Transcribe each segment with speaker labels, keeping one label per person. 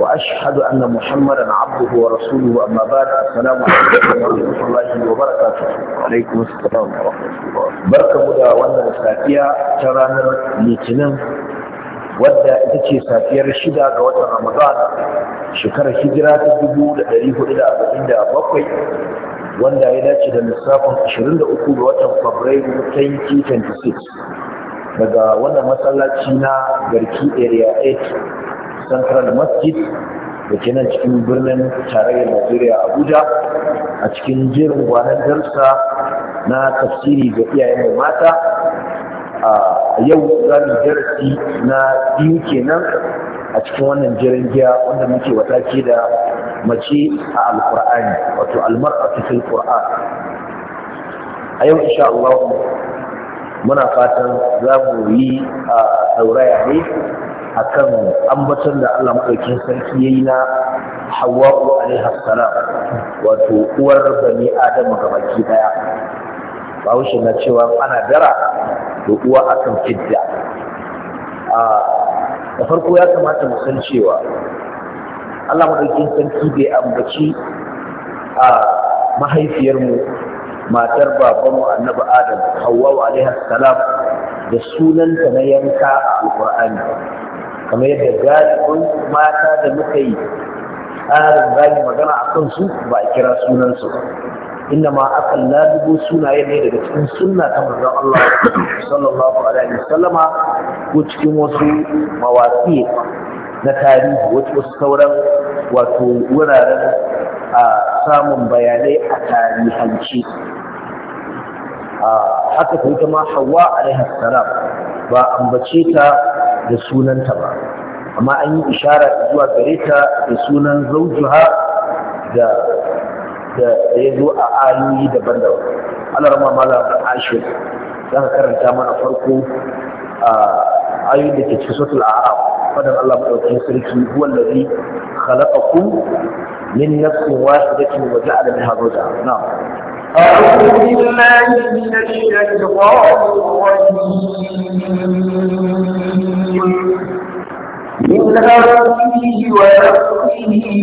Speaker 1: وأشهد أن محمدا عبده ورسوله أما بعد السلام عليكم ورحمة الله وبركاته عليكم السلام ورحمة الله بركة مدى وانا ساتيا ترانا لتنم wadda ita ce safiyar shida ga watan Ramadan shekarar hijira ta dubu da ɗari hudu da arba'in da bakwai wanda ya dace da lissafin ashirin da uku ga watan Fabrairu 2026 daga wannan masallaci na garki area 8 central masjid da ke nan cikin birnin tarayyar najeriya abuja a cikin jerin gwanar darsa na tafsiri ga iyayen mata a yau za mu darasi na biyu kenan a cikin wannan jerin giya wanda muke wataki da mace a alkur'ani wato almar'a cikin qur'an a yau insha Allah muna fatan za mu yi a sauraya ne akan ambaton da Allah madaukin sarki yi na Hawwa'u alaiha salam wato uwar bani Adam gabaki daya Bahaushe na cewa ana dara da uwa akan fidda a da farko ya kamata mu san cewa Allah madaukin sarki bai ambaci a mahaifiyarmu matar babanmu annabi Adam Hauwa alaiha salam da sunanta na yanka a alƙur'ani kamar yadda galibin mata da muka yi tsarin zagi magana a kansu ba a kira sunansu ba inda ma aka lalubo sunaye ne daga cikin sunna ta manzon Allah sallallahu alaihi wasallama ko cikin wasu mawaki na tarihi wasu sauran wato wuraren a samun bayanai a tarihance haka ta ita ma hawa alaihi salam ba ambace ta da sunanta ba amma an yi ishara zuwa gare ta da sunan zaujuha da da ya zo a ayoyi daban-daban Allah ma mala ashir za ka karanta mana farko a ayoyin da ke cikin suratul a'raf fadan Allah madaukakin sarki huwa allazi khalaqakum min nafsin wahidatin wa ja'ala minha zawjaha na'am أعوذ
Speaker 2: بالله من الشيطان الرجيم من همه ونفسه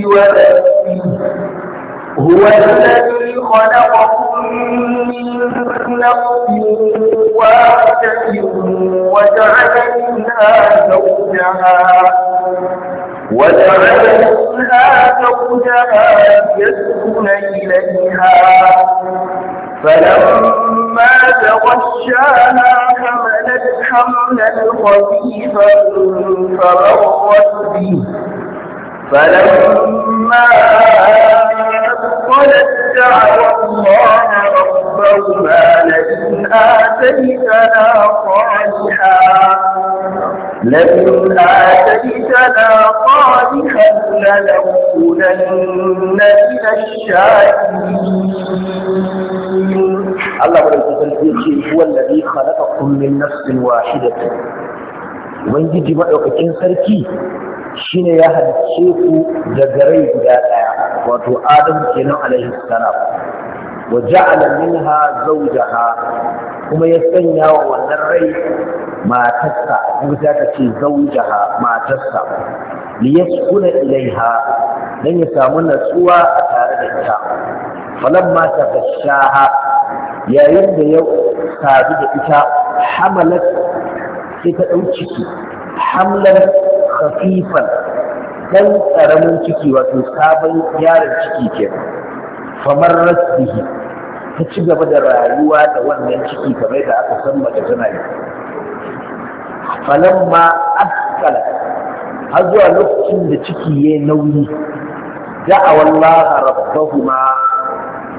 Speaker 2: ونفسه هو الذي خلقكم من نفس واحدة وجعل منها زوجها وجعل منها زوجها يسكن إليها فلما تغشاها حملت حملا خفيفا فمرت به فلما أدخلت دعوى الله ربهما لئن آتيتنا صالحا
Speaker 1: لئن آتيتنا صالحا
Speaker 2: لنكونن من
Speaker 1: الشاكرين الله هو الذي خلقكم من نفس واحدة ubangiji maɗaukakin sarki shine ya halice ku daga rai guda ɗaya wato Adamu kenan alaihi salam wa ja'ala minha zawjaha kuma ya sanya wa wannan rai matarsa kuma ta ce zawjaha matarsa liyaskuna ilaiha dan ya samu natsuwa a tare da ita falamma tafashaha yayin da ya sadu da ita hamalat sai ta ɗau ciki hamlar khafifan dan ƙaramin ciki wato sabon yaron ciki ke famar rasbihi ta ci gaba da rayuwa da wannan ciki kamar da aka san mace tana yi falamma askala har zuwa lokacin da ciki ya nauyi da'awallaha rabbahuma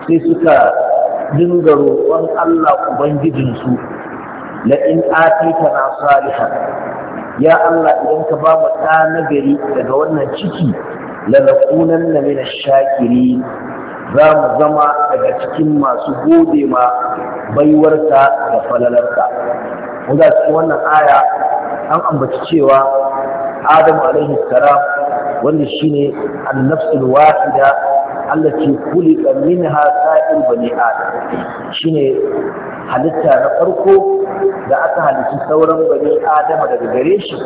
Speaker 1: sai suka dinga roƙon Allah ubangijinsu la'in na salihan ya Allah idan ka ba mu ɗa nagari daga wannan ciki lalakunan na mina shakiri za mu zama daga cikin masu gode ma baiwarka da falalarka wanda cikin wannan aya an ambaci cewa adam alaihi salam wanda shine annafsul wahida allati khuliqa minha sa'ir bani Shi shine halitta na farko da aka halitta sauran bani adama daga gare shi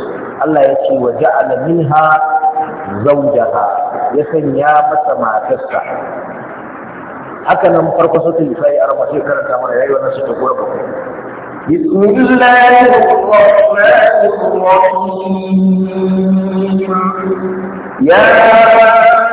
Speaker 1: Allah ya ce wa ja'ala minha zawjaha ya sanya masa matarsa haka nan farko sautin sai a rama sai karanta mana yayi wannan sai ta gora بسم الله الرحمن
Speaker 2: الرحيم
Speaker 1: يا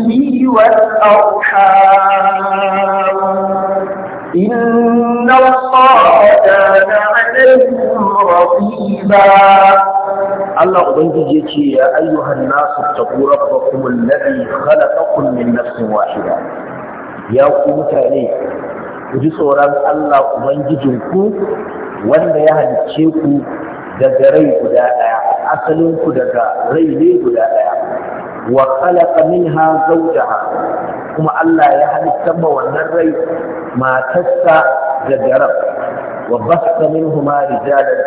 Speaker 2: به والأرحام إن الله كان عليهم رقيبا
Speaker 1: Allah Ubangiji ya ce, Ya aiyu hannatu ta ƙura ba kuma laɗi halakakun min nafsin Ya ku mutane, ku ji tsoron Allah Ubangijinku wanda ya halice ku daga rai guda ɗaya, asalinku daga rai ne guda ɗaya. wa khalaqa minha zawjaha kuma Allah ya halitta ma wannan rai matarsa da garar wa basta minhuma rijalan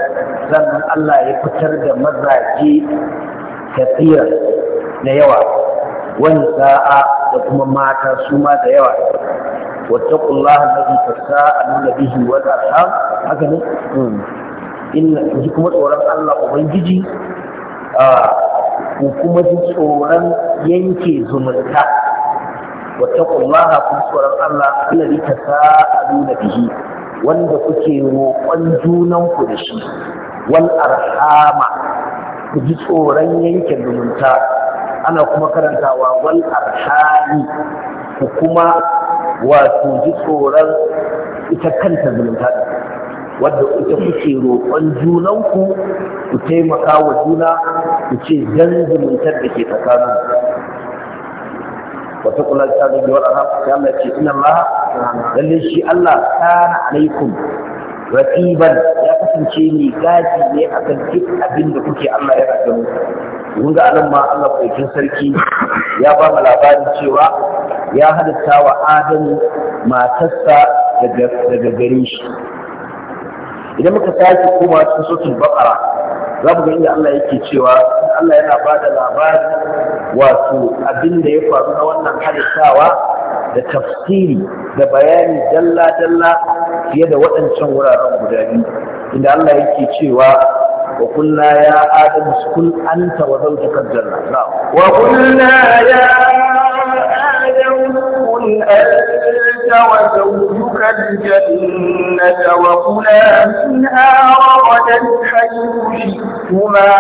Speaker 1: sannan Allah ya fitar da mazaje kafira da yawa wani sa'a da kuma mata su ma da yawa واتقوا الله الذي تساءلون به والارحام هكذا ان kuma tsoron Allah ubangiji ah, ku kuma ji tsoron yanke zumunta wattaqullaha kun tsoron Allah alladhi tasaaluna bihi wanda kuke roƙon junan ku da shi wal arhama ku ji tsoron yanke zumunta ana kuma karantawa wal arhami ku kuma wato ji tsoron ita kanta zumunta da wadda ita kuke roƙon junanku ku taimaka wa juna ku ce dan zumuntar da ke tsakanin wata kula ta da biyar a ya Allah ce ina ma lalle shi Allah kana alaikum raqiban ya kasance ne gaji ne akan duk abin da kuke Allah ya rage mu mun ga anan ma Allah kokin sarki ya ba mu labarin cewa ya halitta wa Adamu matarsa daga garin shi idan muka sake koma cikin suratul baqara za mu ga inda Allah yake cewa Allah yana ba da labari wato abin da ya faru na wannan halittawa da tafsiri da bayani dalla dalla fiye da waɗancan wuraren guda biyu inda Allah yake cewa وقلنا يا آدم اسكن أنت وزوجك الجنة نعم وقلنا يا
Speaker 2: آدم اسكن أنت وزوجك الجنة وكلا منها رغدا حيث شئتما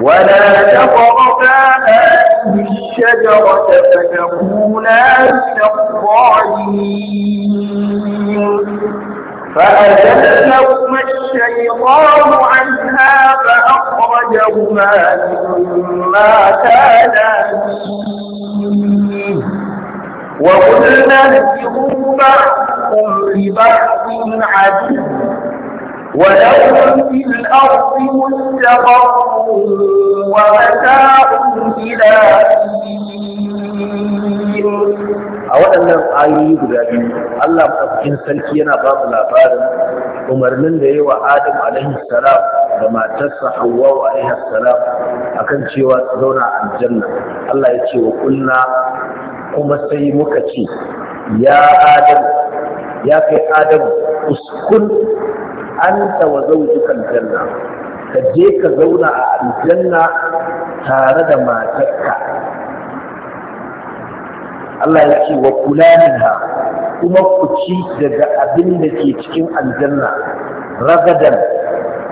Speaker 1: ولا تقربا هذه
Speaker 2: الشجرة فتكونا من الظالمين فأجلهما الشيطان عنها فأخرجهما مما كانا فيه وقلنا ارجعوا بعضكم لبعض عدو ولهم في الأرض مستقر ومتاع إلى a
Speaker 1: waɗannan ayoyi guda biyu Allah maɗaukakin sarki yana ba mu labarin umarnin da yi wa Adam alaihi salam da matarsa Hawwa alaihi salam akan cewa zauna aljanna Allah ya ce wa kunna kuma sai muka ce ya adam ya kai adam uskun anta wa zawjuka Janna, ka je ka zauna a aljanna tare da matarka Allah ya ce wa kula minha kuma ku ci daga abin da ke cikin aljanna ragadan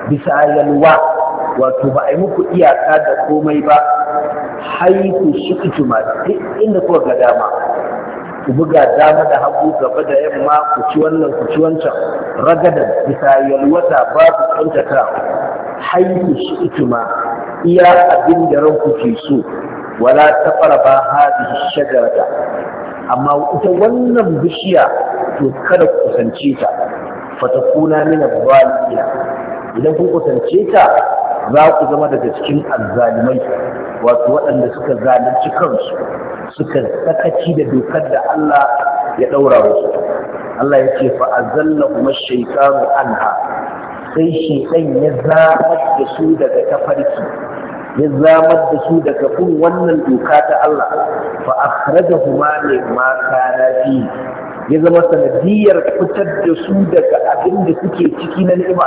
Speaker 1: bisa yalwa wato ba a yi muku iyaka da komai ba haifu shi ituma duk inda kuka ga dama ku buga dama da hagu gaba da yamma ku ci wannan ku ci wancan ragadan bisa yalwata babu kantata haifu shi ituma iya abin da ranku ke so wala ba hadhihi shagarta, amma ita wannan bishiya to kada ku kusance ta fatakuna min adh idan kun kusance ta za ku zama daga cikin alzalimai. wato waɗanda suka zalunci kansu suka sakaci da dokar da Allah ya ɗaura musu Allah ya ce fa azalla kuma shaytanu anha sai ɗan ya zamar da su daga tafarki ya zamar da su daga kun wannan doka ta Allah fa akhrajahuma mimma kana fi ya zama sanadiyar fitar da su daga abin da suke ciki na ni'ima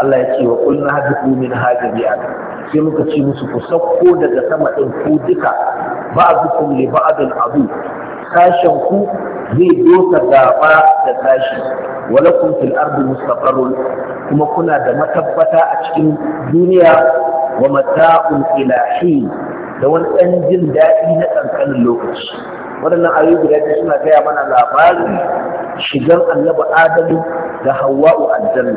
Speaker 1: Allah ya ce wa kullu hadithu min hajjiyat sai muka ci musu ku sauko daga sama ɗin ku duka ba a zukun ne ba a abu sashen ku zai dosa gaba da sashi walakun fil ardi mustaqarrun kuma kuna da matabbata a cikin duniya wa mata'un ilahi da wani ɗan jin daɗi na ƙanƙanin lokaci waɗannan ayoyi guda biyu suna gaya mana labarin shigar annabi adam da hawa'u aljanna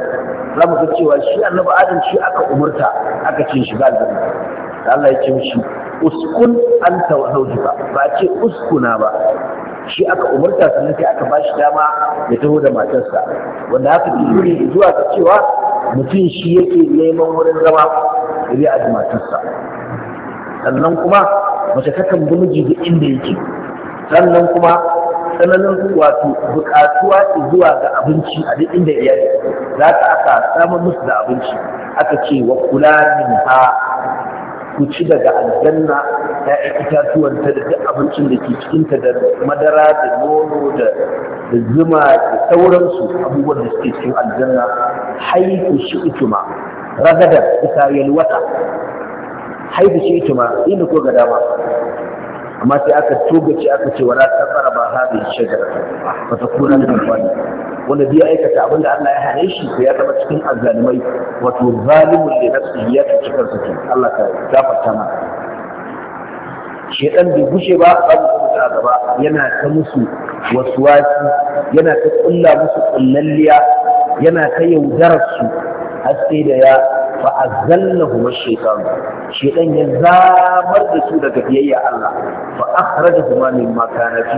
Speaker 1: za mu ga cewa shi annabi adam shi aka umurta aka ce shiga aljanna da Allah ya ce mishi uskun anta wa zawjuka ba a ce uskuna ba shi aka umurta sannan sai aka bashi dama ya taho da matarsa wanda haka ke nuni zuwa ga cewa mutum shi yake neman wurin zama da a da matarsa sannan kuma mace takan bi miji da inda yake sannan kuma tsananin wato bukatuwa zuwa ga abinci a duk inda yi za ka aka samun musu da abinci aka ce wa kula min ha ku ci daga aljanna ‘ya'yan itatuwan ta da duk abincin da ke cikinta da madara da nono da zuma da sauransu abubuwan da suke cikin aljanna haiku shi ma ragadar ita yalwata haiku shi ma inda ko ga dama amma sai aka togace aka ce wala tsara ba hadin shajara ba ta kuna da wanda bai aikata abin da Allah ya hane shi to ya zama cikin azzalimai wato zalumin da nafsihi ya ci kansa ce Allah ka gafarta ma shedan bai gushe ba ba mu ta gaba yana ta musu waswasi yana ta kulla musu kullalliya yana ta yaudarar su har sai da ya fa azallahu shaytan shaytan ya zamar da su daga biyayya Allah fa akhrajahu mimma kana fi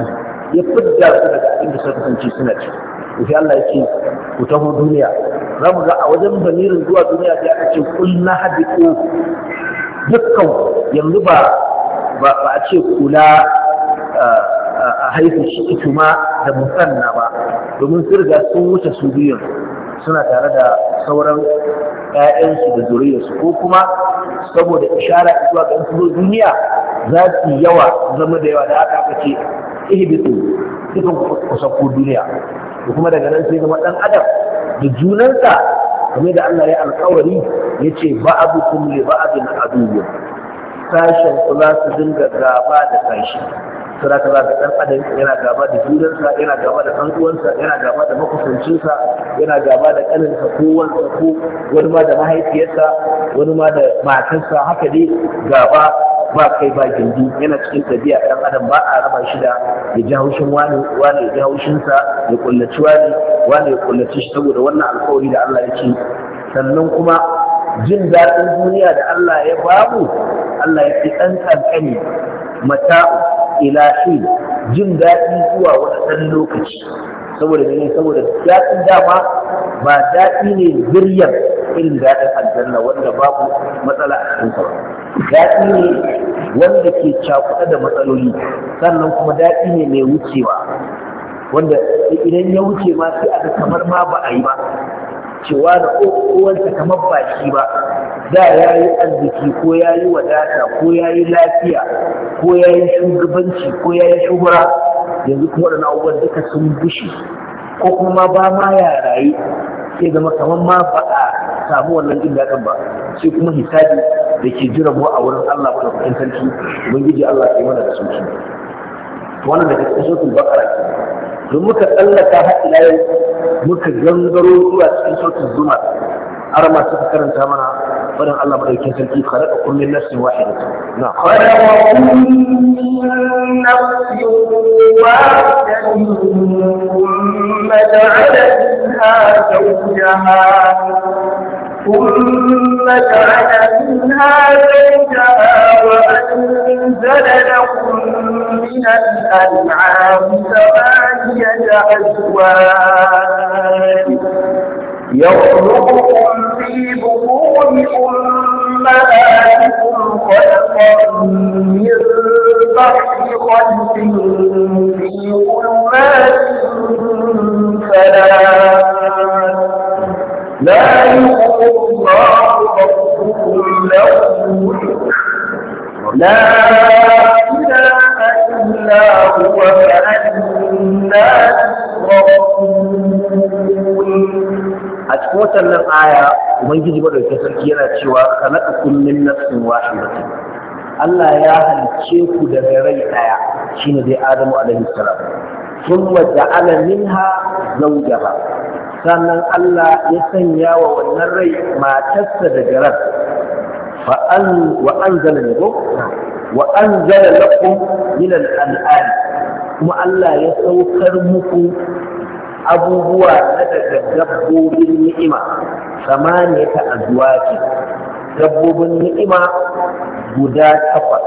Speaker 1: ya fidda su daga inda suka kasance suna ci sai Allah yake ku taho duniya za mu ga a wajen bamirin zuwa duniya sai aka ce kul na ko dukkan yanzu ba ba a ce kula a haifu shi kuma da musanna ba domin sun riga sun wuce su biyun suna tare da sauran ƴaƴansu da zuriyarsu ko kuma saboda ishara zuwa ga su duniya za su yawa zama da yawa da aka aka ce ihibitu cikin kusa ko duniya da kuma daga nan sai zama ɗan adam da junansa game da Allah ya alƙawari yace ba'abukum li na abubuwa sashen kula su dinga gaba da sashi to da ɗan adam yana gaba da junansa yana gaba da ɗan yana gaba da makusancinsa yana gaba da ƙaninsa ko wansa ko wani ma da mahaifiyarsa wani ma da matarsa haka dai gaba ba kai ba gindi yana cikin tabiya ɗan adam ba a raba shi da ya ji haushin wani wani ya ji haushinsa ya kullaci wani wani ya kullaci shi saboda wannan alƙawari da Allah ya ce sannan kuma jin daɗin duniya da Allah ya babu Allah ya ce ɗan ƙanƙani mata'u ila shi jin daɗi zuwa wani ɗan lokaci saboda ne saboda daɗin dama ba daɗi ne zuriyar irin daɗin aljanna wanda babu matsala a cikin sauran daɗi ne wanda ke cakuɗa da matsaloli sannan kuma daɗi ne mai wucewa wanda idan ya wuce ma sai aka kamar ma ba a yi ba cewa da kowansa kamar ba shi ba da ya yi arziki ko ya yi wadata ko ya yi lafiya ko ya yi shugabanci ko ya yi shubura yanzu kuma da na'ubar duka sun bushe ko kuma ba ma ya rayu sai zama kamar ma ba a samu wannan jin daɗin ba sai kuma hisabi da ke jira mu a wurin Allah ko kuɗin sarki ubangiji Allah sai mana da sauki wannan da cikin sautul bakara don muka tsallaka har ila yau muka gangaro zuwa cikin sautul zuma. har ma suka karanta mana قال الله مدوكين في خلق كل نفس واحدة نعم خلق كل
Speaker 2: نفس واحدة ثم جعل منها زوجها ثم جعل منها زوجها وأنزل لكم من الأنعام ثمانية أزواج يخلقكم في بطون أمهاتكم خلقا من بحر خلق في ظلمات ثلاث لا يقول الله ربكم له الملك لا إله إلا هو فأنا
Speaker 1: تسرقون أتفوت من الآية ubangiji madaukakin sarki yana cewa na min nafsin wahidatin Allah ya halice ku daga rai daya shine dai Adamu alaihi salam alamin ja'ala minha zawjaha sannan Allah ya sanya wa wannan rai matarsa daga rai. fa an wa anzala lakum wa anzala lakum min al-an'am kuma Allah ya saukar muku abubuwa na daga dabbobin ni'ima ta azwaji dabbobin ni'ima guda takwas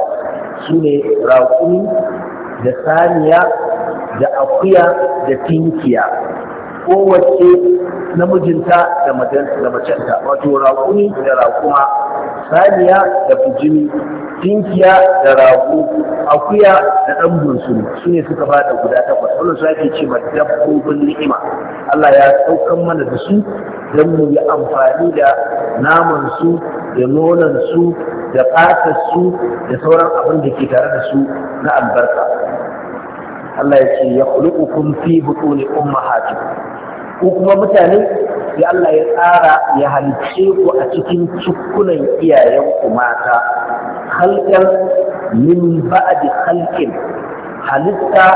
Speaker 1: ne raƙumi da saniya da akuya da tinkiya kowace namijinta da macenta wato raƙuni da raƙuma saniya da fujimi tinkiya da rago akuya da ɗan bunsuru su ne suka bada guda takwas wannan su ake ce dabbobin ni'ima Allah ya saukan mana da su don mu yi amfani da naman su da nonon su da fatar su da sauran abin da ke tare da su na albarka Allah ya ce ya kulukukum fi butuni ummahatikum ko kuma mutane? Ya Allah ya tsara ya halice ku a cikin cikunan iyayenku mata halkan min ba'di halkin halitta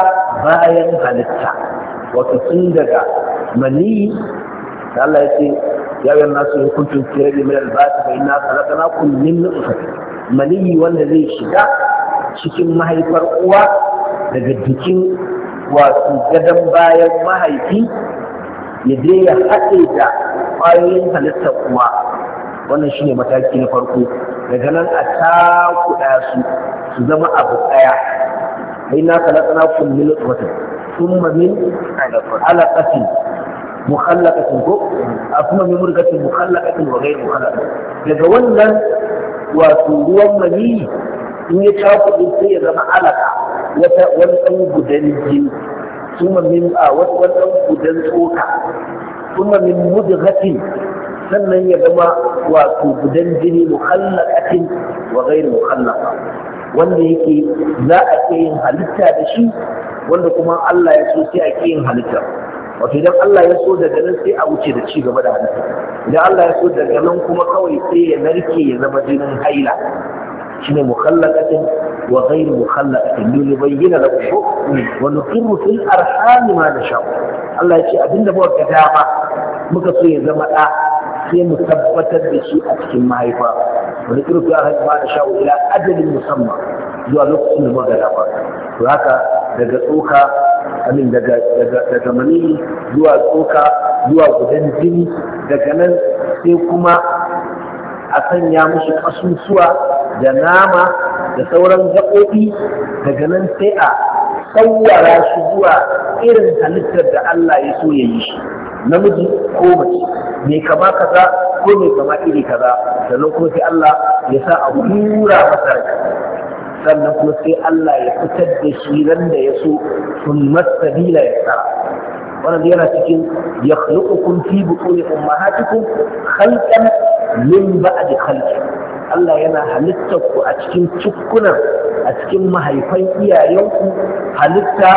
Speaker 1: bayan halitta wato tun daga mani da Allah ya ce ya yi nasu hukuncin kira da mai albasa bai na kalakanakun na nufin mani wanda zai shiga cikin mahaifar uwa daga jikin wato gadon bayan mahaifi ya je ya haɗe da ƙwayoyin halittar kuma wannan shi ne mataki na farko daga nan a takuɗa su su zama abu ɗaya ai na na kun min wata thumma min alaqatin mukhallaqatin ko a thumma min murgatin mukhallaqatin wa ghayr mukhallaqatin daga wannan wato ruwan maniyi in ya takuɗe sai ya zama alaƙa wata wani ɗan gudan jini ثم من آوات ودن سوكا ثم من مدغة sannan ya zama wato gudan jini mukhallaqatin wa ghairu mukhallaqa wanda yake za a ke yin halitta da shi wanda kuma Allah ya so sai a ke yin halitta wato idan Allah ya so daga nan sai a wuce da ci gaba da halitta idan Allah ya so daga nan kuma kawai sai ya narke ya zama jinin haila shine mukhallaqatin wa ghayr mukhallaqatin li yubayyana lakum wa nuqirru fil arham ma nasha Allah ya ce abinda ba ka dama muka so ya zama da sai mu tabbatar da shi a cikin mahaifa wa nuqirru fil arham ma nasha ila ajalin musamma zuwa lokacin da muka dama to haka daga tsoka amin daga daga daga mani zuwa tsoka zuwa gudan jini daga nan sai kuma a sanya musu ƙasusuwa da nama da sauran gaɓoɓi daga nan sai a tsawara shi zuwa irin halittar da Allah ya so ya yi shi namiji ko mace mai kama kaza ko mai kama iri kaza sannan kuma sai Allah ya sa a hura masa sannan kuma sai Allah ya fitar da shi nan da ya so sun masabila ya sa wannan yana cikin yakhluqukum fi butuni ummahatikum khalqan min da halki. Allah yana halittar ku a cikin cikkunan a cikin mahaifan iyayenku halitta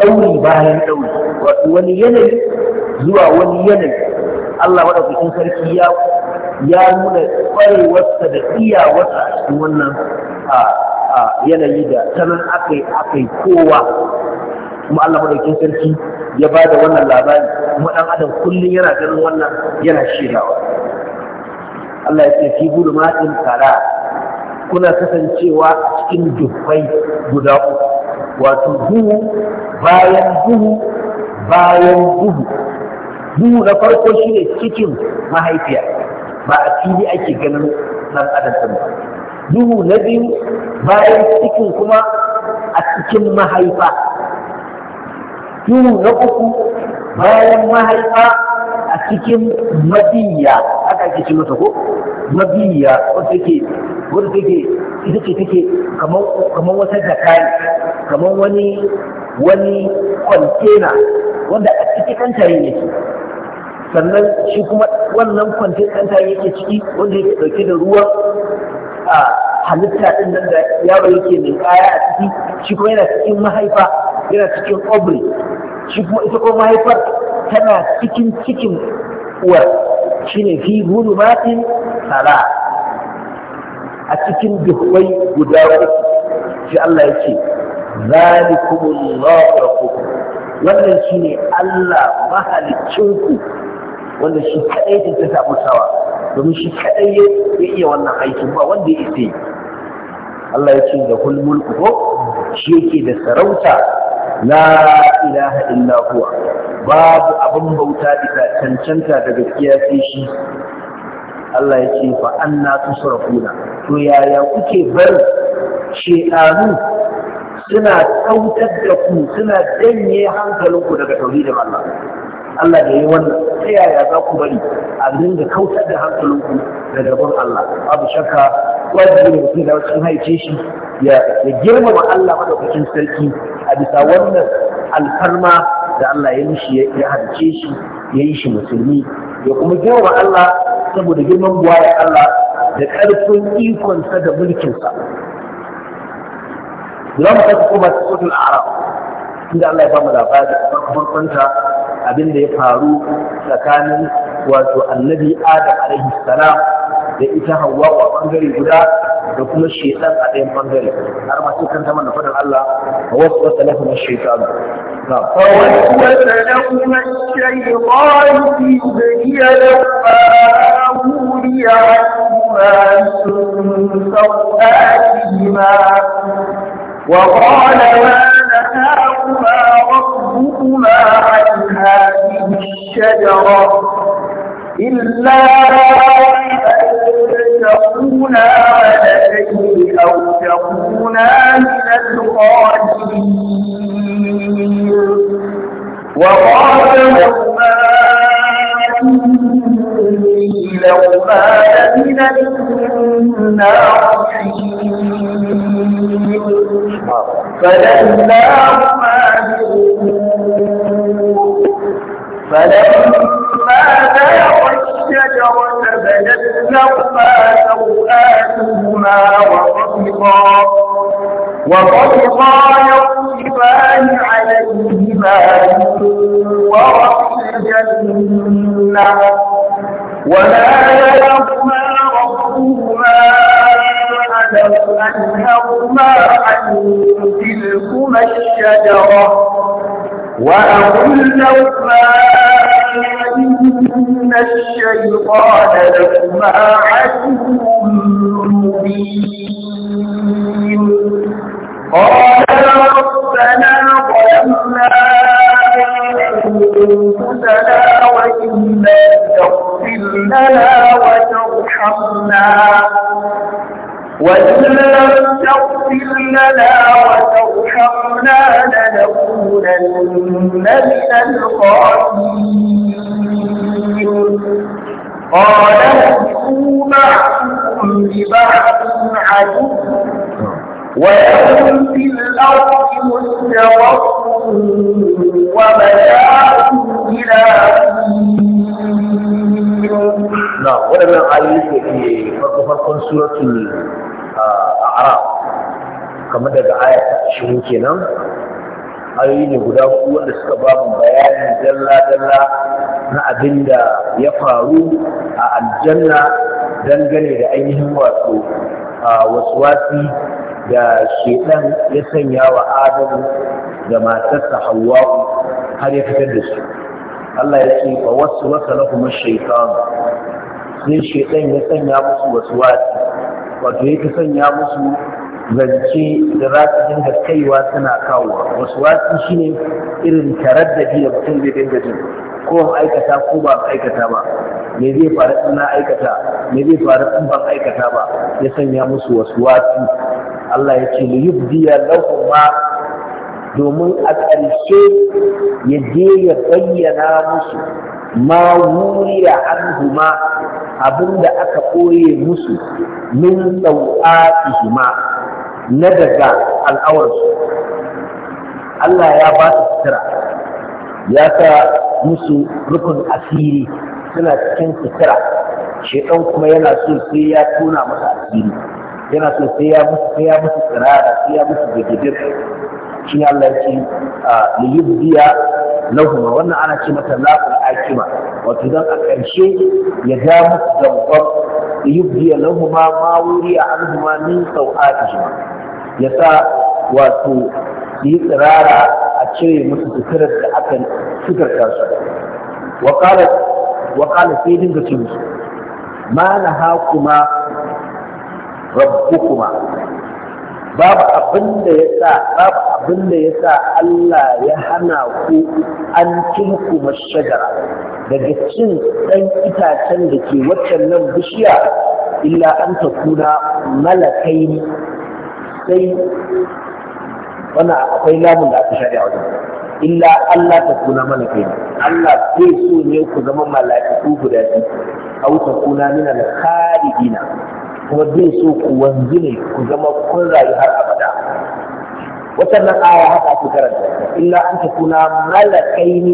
Speaker 1: ɗauri bayan ɗauri wani yanayi zuwa wani yanayi Allah madaukakin sarki ya ya nuna kwarewarsa da iyawarsa a cikin wannan yanayi da sanan aka yi kowa kuma Allah madaukin sarki ya ba da wannan labari kuma dan adam kullum yana ganin wannan yana shirawa Allah ya ce fi gulumatin kara kuna kasancewa a cikin dubbai guda uku wato duhu bayan duhu bayan duhu duhu na farko shine cikin mahaifiya ba a fili ake ganin nan adam ba duhu na biyu bayan cikin kuma a cikin mahaifa shine na uku bayan mahaifa a cikin mabiya aka ake ce mata ko mabiya wata take wata take ita ce take kamar kamar wata zakari kamar wani wani kwantena wanda a cikin kantaye yake sannan shi kuma wannan kwantena kantaye yake ciki wanda yake dauke da ruwa a halitta din nan da yaro yake mai kaya a ciki shi kuma yana cikin mahaifa yana cikin obri shi kuma ita ko mahaifar tana cikin cikin uwar shi ne fi matin sala a cikin duhwai guda wani, shi Allah ya ce zalikumullahu rabbukum wannan shi ne Allah mahalicinku wanda shi kadai ta samu sawa domin shi kadai ya iya wannan aikin ba wanda ya yi. Allah ya ce da kul mulku ko shi yake da sarauta la ilaha illa babu abin bauta bisa cancanta da gaskiya sai shi Allah ya ce fa anna tusrafuna to yaya kuke bar shi'anu suna kautar da ku suna danye hankalinku daga tauhidin Allah Allah da yi wannan ta yaya za ku bari a dinga kautar da hankalinku da gaban Allah babu shakka wajibi ne mutum da cikin haice shi ya girmama Allah madaukakin sarki a bisa wannan alfarma da Allah ya mishi ya halice shi ya yi shi musulmi ya kuma girmama Allah saboda girman buwayar Allah da ƙarfin ikonsa da mulkinsa. Za mu kuma koma cikin Arab inda Allah ya bamu labari farkon ta abin da ya faru tsakanin wato annabi Adam alaihi salam da ita Hawwa a bangare guda da kuma shedan a ɗayan bangare har ma cikin ta mana fadan Allah wa waswasa lahum na shaytan فوسوس
Speaker 2: لهما الشيطان ليبدي لهما ما ولي عنهما من وقال ما لكما عن هذه الشجرة إلا أن تكونا ملكين أو تكونا من الخالدين وقال لهما إني
Speaker 1: لهما لمن
Speaker 2: فلما فدلاهما بالغرور فلما ذاقوا الشجرة بدت لهما سوآتهما وطفقا وطفقا يطفقان عليهما ورق الجنة ولا يلقما ربهما أنهرما عن تلكما الشجرة وأقول لهما إن الشيطان لكما عدو مبين
Speaker 1: قال ربنا
Speaker 2: ظلمنا أنفسنا وإن لم تغفر لنا وترحمنا وإن لم تغفر لنا لنكونن من قال بعضكم لبعض عدو في الأرض مستوى ومتاع إلى
Speaker 1: na waɗannan ayoyi da ke farko farkon a a'raf kamar daga aya ta ashirin kenan ayoyi ne guda uku wanda suka ba mu bayanin dalla-dalla na abin da ya faru a aljanna dangane da ainihin wato wasi da shedan ya sanya wa adamu da matarsa hawa har ya fitar da su Allah ya ce fa wasu wasa na kuma shaitan sai shaidan ya sanya musu wasu wasu wato ya ta sanya musu zance da za su dinga kaiwa suna kawowa wasu shi ne irin taraddadi da mutum zai dinga jin ko aikata ko ba aikata ba me zai faru in na aikata me zai faru in ban aikata ba ya sanya musu wasu wasu Allah ya ce li yubdiya lahum ma domin a ƙarshe ya je ya bayyana musu ma wuriya abin da aka koye musu min sau'atihima na daga al'awarsu Allah ya ba su sutura ya sa musu rufin asiri suna cikin sutura shekan kuma yana so sai ya tona masa asiri yana so sai ya musu sai ya tsirara sai ya musu gajibir shi Allah ce liyubdiya wannan ana ce mata laqul akima wato dan a ƙarshe ya ga musu zambar liyubdiya lahuma ma a anhuma min sau'atihima ya sa wato yi tsirara a cire musu sukarar da aka sukarta su wa qala sai dinga ce musu ma nahakuma rabbukuma babu abin da ya sa babu abin da ya sa Allah ya hana ku an tilkuma shajara daga cin ɗan itacen da ke waccan nan bishiya illa an ta kuna malakai sai wannan akwai lamun da aka a wajen illa Allah ta kuna malakai Allah zai so ne ku zama ku guda biyu au ta kuna min al-kharijina kuma zai so ku wanzu ne ku zama kun rayu har abada watannan aya haka ake karanta illa an ta kuna malakai ne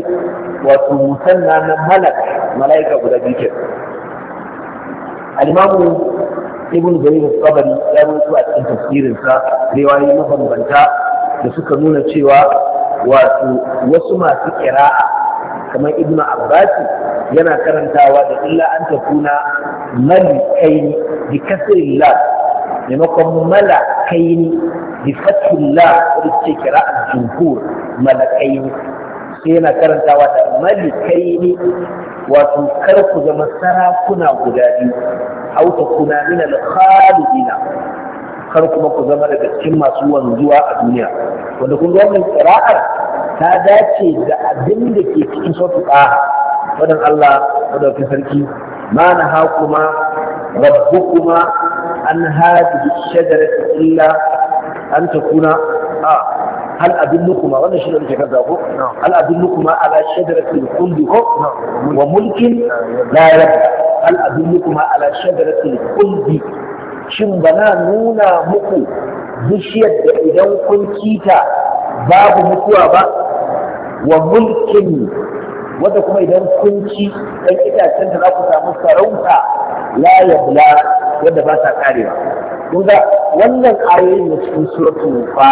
Speaker 1: wato musanna na malak malaika guda biyu ke alimamu ibn jarir sabari ya rubuta a cikin tafsirinsa riwayoyi mabambanta da suka nuna cewa wato wasu masu kira'a kamar ibn abbasi yana karantawa da illa an ta kuna malikaini bi kasrin la maimakon malakaini bi fathin la wadda ce kira a jumhur malakaini sai yana karantawa da malikaini wato kar ku sarakuna guda biyu au ta kuna min al-khalidina kar kuma ku zama daga cikin masu wanzuwa a duniya wanda kun ga wannan qira'ar ta dace da abin da ke cikin sautu ƙaha wadan Allah madaukin sarki ma na rabbu kuma an hadhihi shajarati illa an takuna a hal adillukuma wannan shi ne muke kan zabo hal adillukuma ala shajarati al-khuldi ko wa mulkin la yabla hal adillukuma ala shajarati al-khuldi shin bana nuna muku bishiyar da idan kun kita babu mutuwa ba wa mulkin wanda kuma idan kun ci ɗan itacen da za ku samu sarauta la ya bula wanda ba sa karewa kun ga wannan ayoyin ah, da cikin suratu fa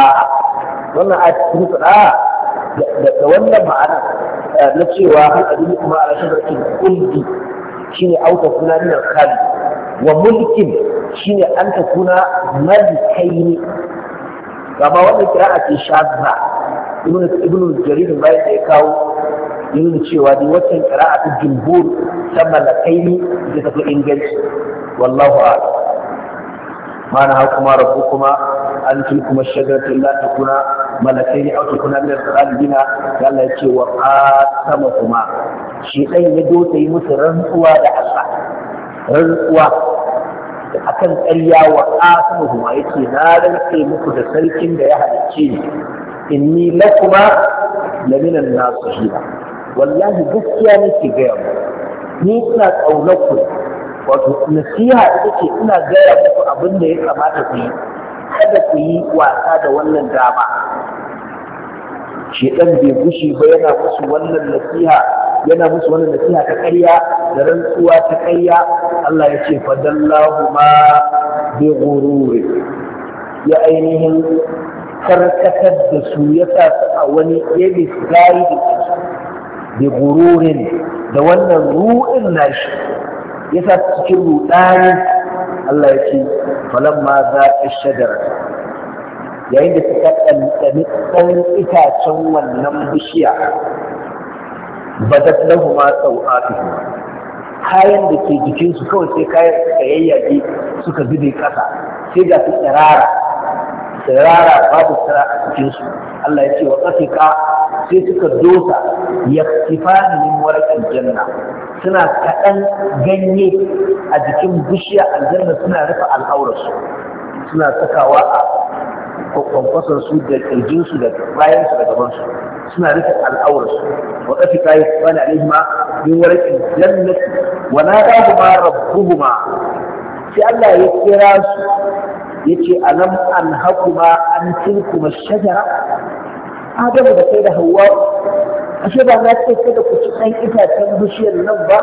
Speaker 1: wannan a cikin fada da wannan ma'ana eh, na cewa hal adini kuma ala shabarkin kulli shine auka kuna min al wa mulkin shine an ta kuna malikaini amma wannan kira'a ce shazza ibnu ibnu jarir bayan da ya kawo nuna cewa dai waccan qira'a ta jumhur ta malakaini da ta inganci wallahu a'lam mana ha kuma rabu kuma an tun kuma shagartar la ta kuna malakai ne a wata kuna biyar tsarar gina da Allah ya ce wa sama kuma shi ɗan ya zo ta yi musu rantsuwa da Allah rantsuwa da akan ƙarya wa sama kuma ya ce na rantse muku da sarkin da ya halicce ni inni lakuma laminan nasu ba. wallahi gaskiya nake gaya mu ni ina ƙaunar ku wato nasiha ita ce ina gaya muku abin da ya kamata ku yi kada ku yi wasa da wannan dama shedan bai gushi ba yana musu wannan nasiha yana musu wannan nasiha ta ƙarya da rantsuwa ta ƙarya Allah ya ce fadallahu ma bi ghururi ya ainihin karkatar da su ya sa su a wani yabi gari da su bi gururin da wannan ru'in nashi yasa cikin rudani Allah ya ce ma za ta shadara yayin da suka ɗanɗani ɗan itacen wannan bishiya badat lahuma sau'atuhuma kayan da ke jikinsu kawai sai kayan suka yayyage suka zube ƙasa sai ga su tsirara tsirara babu tsira a cikin su. Allah ya ce wa tsafika sai suka dosa ya kifani min warakin janna suna kaɗan ganye a jikin bishiya aljanna suna rufe al'aurarsu suna sakawa a kwankwasarsu da su da bayansu da gabansu suna rufe al'aurarsu wa tsafika ya ni kifani alaihima min warakin jannati wa na ma rabbuhuma sai Allah ya kira su yace alam an hakuma an tilkuma shajara adamu da kai da hawa ashe ba na ce kada ku ci ɗan itacen bishiyar nan ba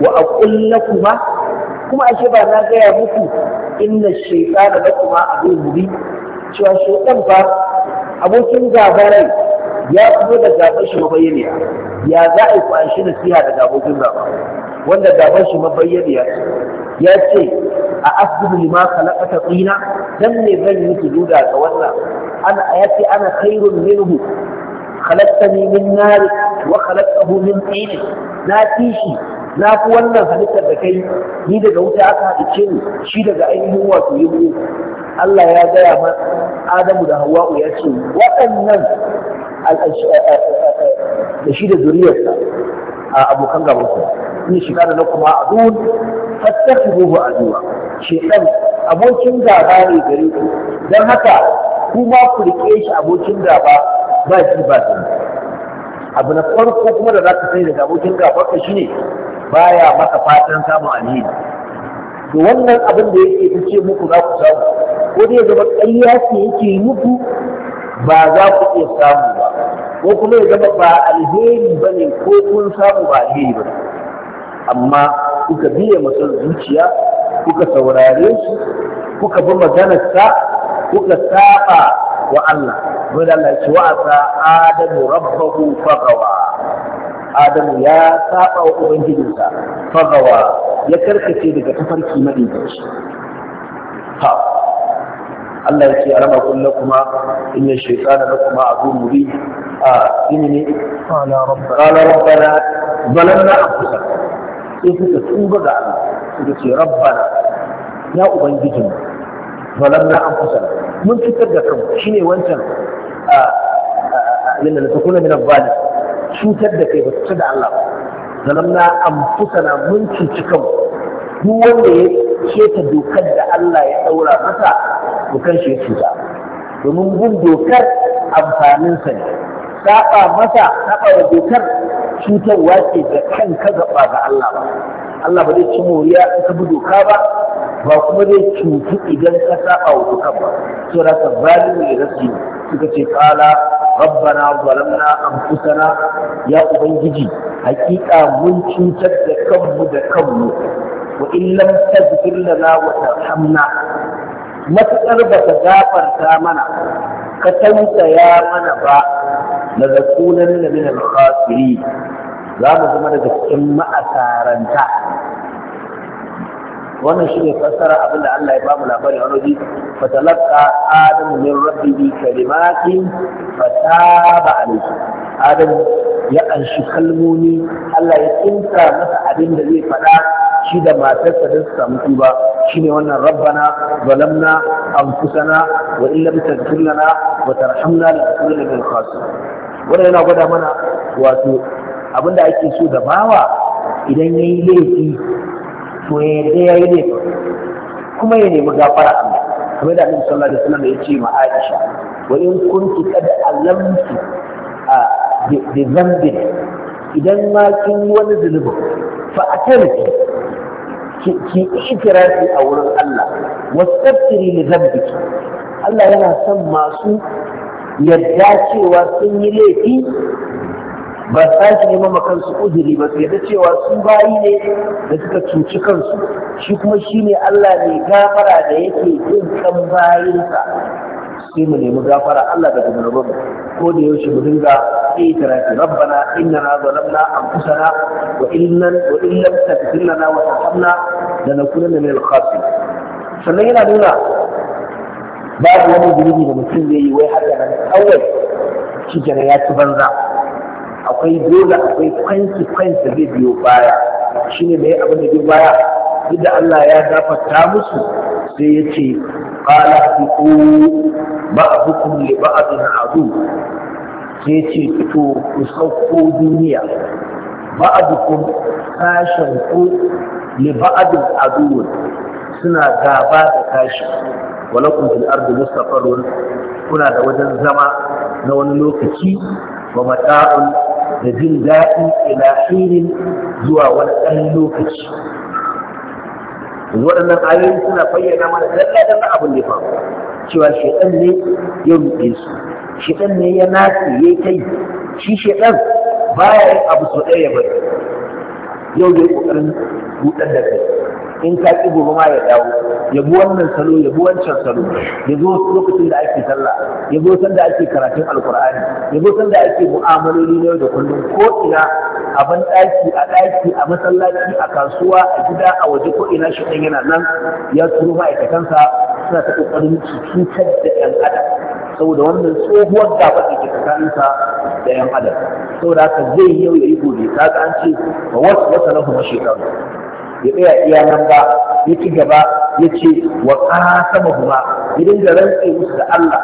Speaker 1: wa aqul kuma kuma ashe ba na gaya muku inna shaytana lakuma aduwwun mubin cewa shaytan fa abokin gaba ya fito da gaban shi mabayyaniya ya za a yi ku an shi nasiha daga abokin gaba wanda gaban shi mabayyaniya ya ce a asjudu lima khalaqata tsina dan ne zan yi sujuda ga wannan ana ayati ana khairun minhu khalaqtani min nar wa khalaqtahu min tin na tishi na fi wannan halittar da kai ni daga wuta aka haɗice ni shi daga ainihin wato yi Allah ya gaya ma Adamu da Hawwa'u ya ce waɗannan da shi da zuriyarsa a abokan gabansa ni shiga da na kuma a duhun fattafi ruhu a zuwa shedan abokin gaba ne gare ku don haka kuma ku rike shi abokin gaba ba shi ba zai abu na farko kuma da za ka sai daga abokin gaba ka shine baya maka fatan samun alheri to wannan abin da yake ta ce muku za ku samu ko dai zama ƙarya ce yake yi muku ba za ku iya samu ba ko kuma ya zama ba alheri ba ne ko kun samu ba alheri ba amma kuka biya masa zuciya kuka saurare shi kuka bi maganarsa kuka saba wa Allah mun Allah ce wa asa adamu rabbahu fagawa adamu ya saba wa ubangijinsa fagawa ya karkace daga tafarki madaidaici ha Allah ya ce a rama kullum kuma in ya shekara da kuma abu muri a inini qala rabbana zalanna anfusana sai suka tuba ga Allah suka ce rabbana ya ubangijin an anfusana mun fitar da kanmu ne wancan a abin da na takuna min abbali cutar da kai ba cutar da Allah na zalamna anfusana mun cuci kanmu duk wanda ya keta dokar da Allah ya daura masa dokar shi ya cuta domin bin dokar amfaninsa ne saba masa saba wa dokar cutarwa ce da kanka gaba ga Allah ba Allah ba zai ci moriya in ka bi doka ba ba kuma zai cutu idan ka a wa doka ba sura ta zalimu ya rasu suka ce kala rabbana zalamna anfusana ya ubangiji hakika mun cutar da kanmu da kanmu wa in lam tazkir lana wa tarhamna matakar ba ka gafarta mana ka tausaya mana ba na zakunan na min al za mu zama daga cikin ma'asaranta wannan shi ne fassara abinda Allah ya ba mu labari wani waje fatalaqa adamu min rabbih kalimatin fataba alayhi adamu ya anshi kalmomi Allah ya tsinta masa abin da zai faɗa shi da matarsa da su samu ba shine wannan rabbana zalamna anfusana wa illam taghfir lana wa tarhamna lanakunanna minal khasirin wannan yana gwada mana wato abinda ake so da bawa idan yayi laifi to ya yadda ya yi laifin kuma ya nemi gafara Allah kamar da Annabi sallallahu alaihi da ya ce ma Aisha wa in kunti qad alamtu a bi zambin idan ma kin yi wani zulubin fa atarki ki ki itirafi a wurin Allah wastaghfiri li zambiki Allah yana son masu yadda cewa sun yi laifi ba su nema ma kansu ujiri ba sai da cewa su bayi ne da suka cuci kansu shi kuma shi ne Allah ne gafara da yake yin kan bayinsa sai mu nemi gafara Allah daga zunuban ko da yaushe mu dinga itirafi rabbana innana zalamna kusana wa illan wa illam taghfir lana wa da na kuna al alkhasi sannan yana nuna babu wani zunubi da mutum zai yi wai har haka nan kawai shi ya ci banza akwai dole akwai kwanci kwanci zai biyo baya shine mai abin da biyo baya duk Allah ya gafarta musu sai ya ce qala fiqu ba'dukum li ba'din adu sai ya ce to ku sauko duniya ba'dukum sashen ku li ba'din adu suna gaba da tashi walakum fil ardi mustaqarrun kuna da wajen zama na wani lokaci wa mata'un da jin daɗi ilahirin zuwa wani ɗan lokaci waɗannan ayoyi suna fayyana mana lalladan na abin da faru cewa shaitan ne ya ruɗe su shaitan ne ya nace ya yi kai shi shaitan baya yin abu sau ɗaya bari yau da ƙoƙarin rudar da kai in ka ƙi gobe ma ya dawo ya bi wannan salo ya bi wancan salo ya zo lokacin da ake sallah ya zo san da ake karatun alkur'ani ya zo san da ake mu'amaloli na yau da kullum ko ina a ban ɗaki a ɗaki a masallaci a kasuwa a gida a waje ko ina shi ɗan yana nan ya turo ma'aikatansa suna ta ƙoƙarin cutar da ƴan adam saboda wannan tsohuwar gaba da ke tsakaninsa da yan adam saboda haka zai yau ya yi gobe ta an ce wa wasu wata kuma shekaru. ya tsaya iya nan ba ya ci gaba ya ce wa qasama huma ya da rantse musu da Allah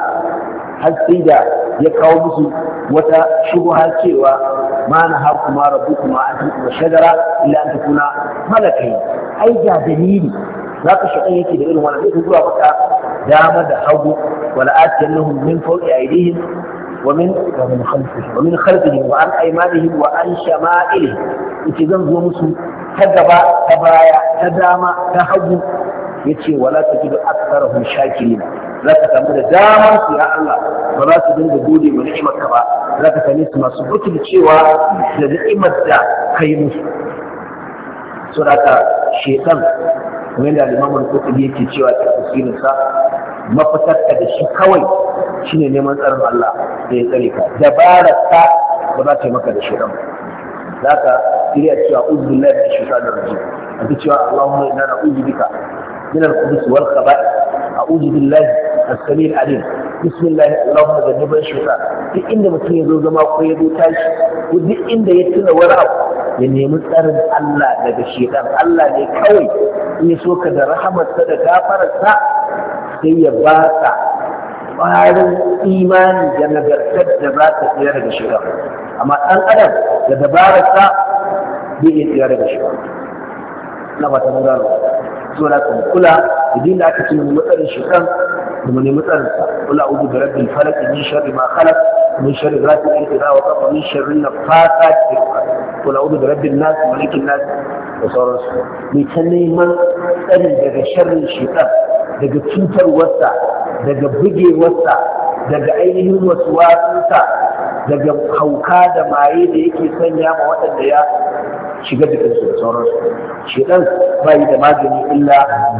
Speaker 1: har sai da ya kawo musu wata shubha cewa ma na hakuma rabbukuma an tukuma shajara illa an takuna malakai ai ga dalili za ka shaɗan yake da irin wannan zai zuwa maka dama da hagu wala atiyannahum min fawqi aydihim wa min wa min khalfihim wa min khalfihim wa an aymanihim wa an shama'ilihim yace zan zo musu ta gaba ta baya ta dama ta hagu ya ce wala ta gido aksarahun shakirina za ka samu da damar su ya Allah ba za su dinga gode mu ni'imar ka ba za ka same su masu butul cewa da ni'imar da ka yi musu surata shekan kamar da limamin kotubi yake cewa ta sa mafitarka da shi kawai shine neman tsarin Allah da ya tsare ka dabararka ba za ta yi maka da shi ba zaka kiriya cewa uzu billahi min shaitanir rajim abi cewa allahumma inna na'udhu bika min al-khubus wal khaba'ith a'udhu billahi as-sami'il alim bismillah allahumma jannibna shaitan duk inda mutum ya zo zama ko ya zo shi. duk inda ya tuna wani abu ya nemi tsarin Allah daga shaitan Allah ne kawai in ya so ka da rahamarsa da gafararsa sai ya ba ka ƙwarin imani da nagartar da za ta tsira daga shaitan amma ɗan adam da dabararsa bai iya tsira daga shi na ba ta nuna so na kan kula idan da dinda aka ce mu matsarin shi kan da mu nemi tsarin sa kula udu da rabbil falaq min sharri ma khalaq min sharri ghasiqin idha waqa min sharri nafasat kula udu da rabbil nas malikin nas da sauransu mai ta neman tsari daga sharrin shaitan daga cutarwarsa daga bugewarsa daga ainihin wasu wasansa daga hauka da maye da yake sanya ma waɗanda ya shiga su, da sauransu shedan bai da magani illa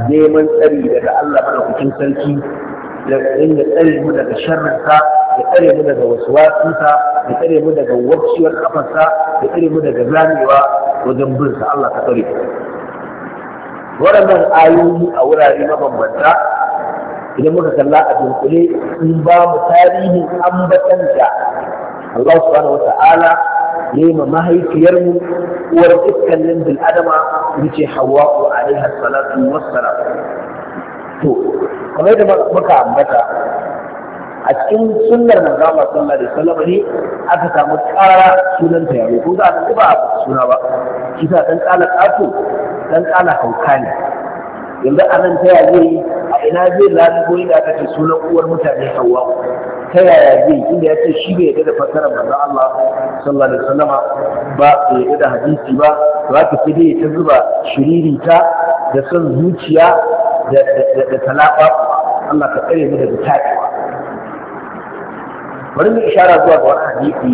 Speaker 1: neman tsari daga Allah madaukakin sarki in ya tsare mu daga sharrinsa ya tsare mu daga wasuwasinsa da tsare mu daga waciyar kafarsa da tsare mu daga zamewa wajen binsa Allah ka tsare waɗannan ayoyi a wurare mabambanta idan muka kalla a dunkule in ba mu tarihin ambatan da Allah subhanahu wa ta'ala nema mahaifiyarmu uwar dukkanin bil adama wuce wa alaiha salatu wassalam to kamar da muka ambata a cikin sunnar manzo Allah sallallahu alaihi ne aka samu ƙara sunan ta yaro ko za a kuma suna ba kisa dan kala kafu dan kala hauka ne yanzu anan ta yaje a ina zai lalubo inda aka ce sunan uwar mutane Hawwa ta yaya zai inda ya ce shi bai yadda da fasarar manzo Allah sallallahu alaihi wasallama ba bai yadda da hadisi ba to haka sai dai ta zuba shiririta da son zuciya da talafa. talaba Allah ka tsare mu daga takewa bari mu ishara zuwa ga wani hadisi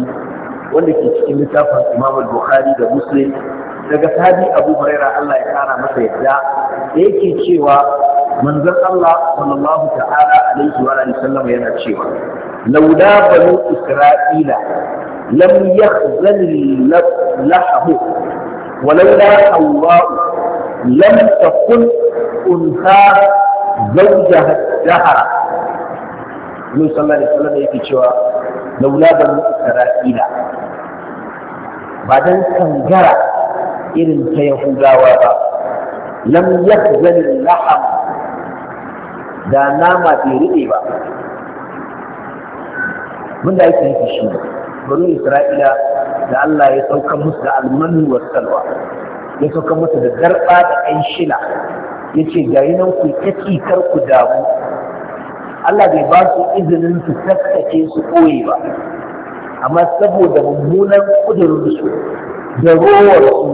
Speaker 1: wanda ke cikin littafin Imam Bukhari da Muslim daga sahabi Abu Huraira Allah ya kara masa yadda yake cewa manzon Allah sallallahu ta'ala alaihi wa alihi sallam yana cewa lauda banu isra'ila lam yakhzal lahu ولولا الله لم تكن أنثى زوجها الدهر Annabi sallallahu alaihi wasallam yake cewa laula banu isra'ila ba dan kangara irin ta yahudawa ba lam yakzal laham da nama bai riɗe ba mun da yake nufi shi bari isra'ila da Allah ya sauka musu da almanu wa salwa ya sauka musu da garba da ɗan shila ya ce gari nan ku ta ku damu Allah bai ba su izinin su taskace su ɓoye ba amma saboda mummunan ƙudurinsu da rowarsu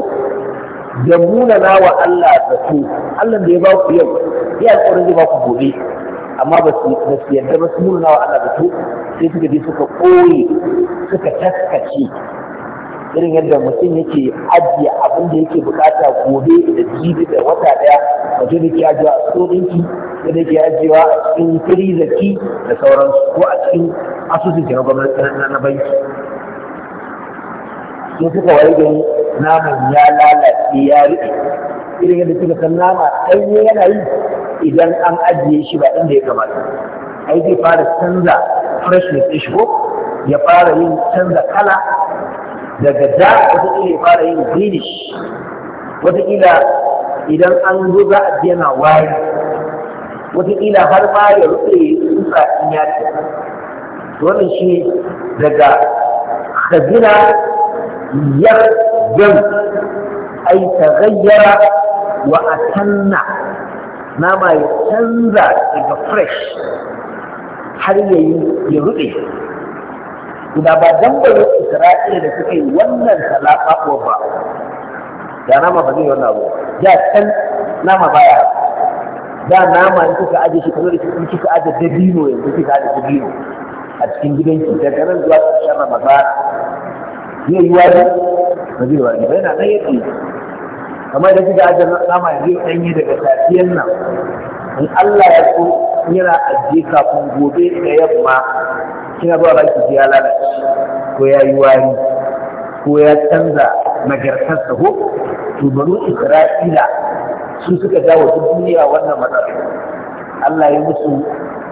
Speaker 1: da munana wa Allah da su Allah da ya ba ku yau ya alƙawarin zai ba ku gobe amma ba su yarda ba su munana wa Allah da su sai suka je suka koye suka taskace irin yadda mutum yake ajiye abin da yake bukata gobe da jibi da wata daya da ke ajiyewa a tsorinki da ke ajiyewa a cikin firizaki da sauransu ko a cikin asusun na gwamnati na banki sun suka wari gani naman ya lalace ya rufe irin yadda suka san nama ɗanye yana yi idan an ajiye shi ba inda ya kamata ai zai fara canza freshness ɗin shi ko ya fara yin canza kala daga da wataƙila ya fara yin greenish wataƙila idan an zo za a yana wari wataƙila har ma ya rufe tsuka in ya ce wannan shi daga khazina يقدم أي تغير وأتنع نما يتنزع فريش حريه يرقي إذا بعد ذنب إسرائيل لتكي ونن ثلاثة وبا da nama ba zai yi wannan abu da can nama baya da nama in kuka aje shi kamar in kuka aje dabino yanzu kika aje dabino a cikin gidanki daga nan zuwa ƙarshen ramadan zai yi wari ba zai wari ba yana ɗaya tsaye kamar da kuka ajiyar nama zai ɗanye daga safiyan nan in Allah ya so yana ajiye kafin gobe da yamma kina zuwa ba ki ya lalace ko ya yi wari ko ya canza nagartarsa ko to bari Isra'ila su suka dawo duk duniya wannan matsala Allah ya musu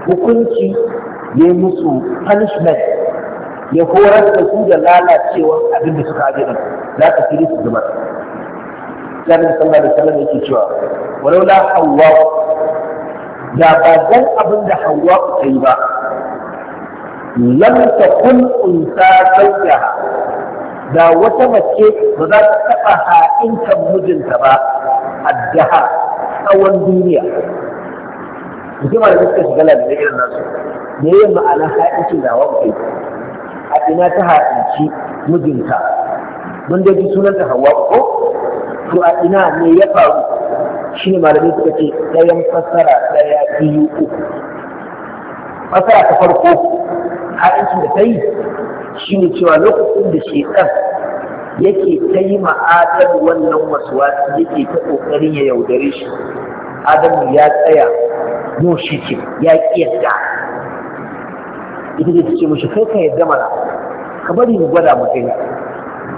Speaker 1: hukunci ya musu punishment ya horar da su da lalacewar abin da suka ajiye za ka fili su zubar ya Sallar da alaihi wasallam yake cewa walau la hawwa da ba dan abin da hawwa ta yi ba lam takun unsa sayyaha da wata mace ba za ta taba ha'inkan mijinta ba addaha tsawon duniya mutum da suka shiga lalata irin nasu me yin ma'ana ha'incin da wa mutum a ina ta haɗinci mijinta mun dai ji sunan ta hawa ko to a ina ne ya faru shi ne malamai suka ce ɗayan fassara ɗaya biyu uku fassara ta farko haɗinci da ta yi shi ne cewa lokacin da shekar yake ta yi ma'adar wannan wasu, yake ta ƙoƙarin ya yaudare shi adamu ya tsaya yau shi ce, ya ƙiyar ita ce ce kai ka yadda mana ka bari mu gwada mu kai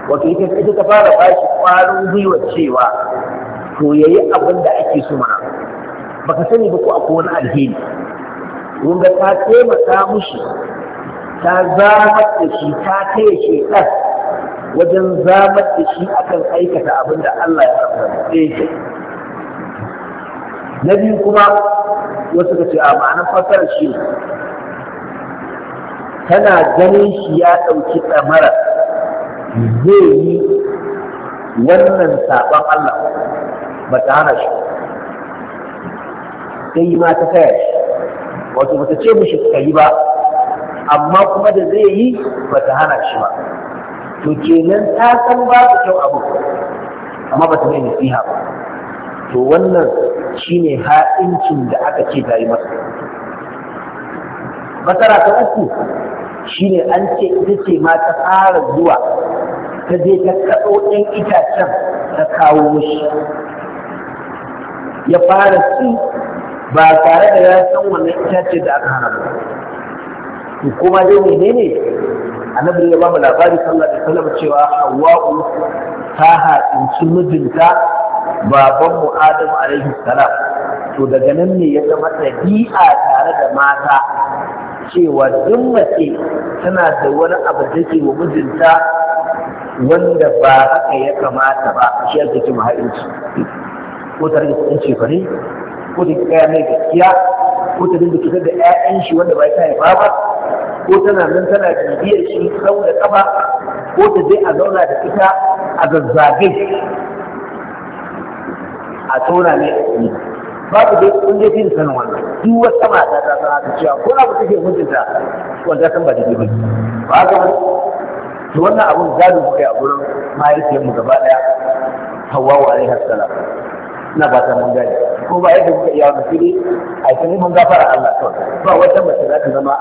Speaker 1: wato ita ita ta fara bashi kwarin gwiwa cewa to yayi abin da ake so mana baka sani ba ko akwai wani alheri kun ga ta taimaka mushi ta zamar da shi ta taya shi ɗan wajen zamar da shi akan aikata abin da Allah ya tabbace shi na biyu kuma wasu ka ce a ma'anar fasar shi kana ganin shi ya ɗauki ɗamara zai yi wannan saɓon Allah ba ta hana shi sai ma ta kaya shi wato ba ta ce mishi ka yi ba amma kuma da zai yi ba ta hana shi ba to kenan ta san babu kyau abu amma ba ta mai nasiha ba to wannan shine ha'incin da aka ce ta yi masa masara ta uku shine an ce ita ce ma ta fara zuwa ta je ta kaɗo ɗan itacen ta kawo shi ya fara su ba tare da ya san wannan itace da aka hana ba kuma dai menene annabi ya ba mu labari sallallahu alaihi wasallam cewa hawwa'u ta haɗinci mijinta baban mu adamu alaihi salam to daga nan ne ya zama ɗabi'a tare da mata cewa duk mace tana da wani abu da ke wa mijinta wanda ba haka ya kamata ba shi ake ce mahaifinci ko ta rage kuɗin cefane ko ta kaya mai gaskiya ko ta dinga fitar da 'ya'yan shi wanda ba ya haifa ba ko tana nan tana bibiyar shi sau da kafa ko ta je a zauna da ita a zazzagai a tona ne a babu dai kun je fi sanin wannan duk wata mata ta san haka cewa ko na kuke mutunta wanda san ba daidai ba ba ga to wannan abun zalu kuka yi a gurin mahaifiyar mu gaba daya Hawwa alaiha salam ina ba ta mun gani ko ba yadda kuka iya wani fili a cikin mun gafara Allah to ba wata mace za ta zama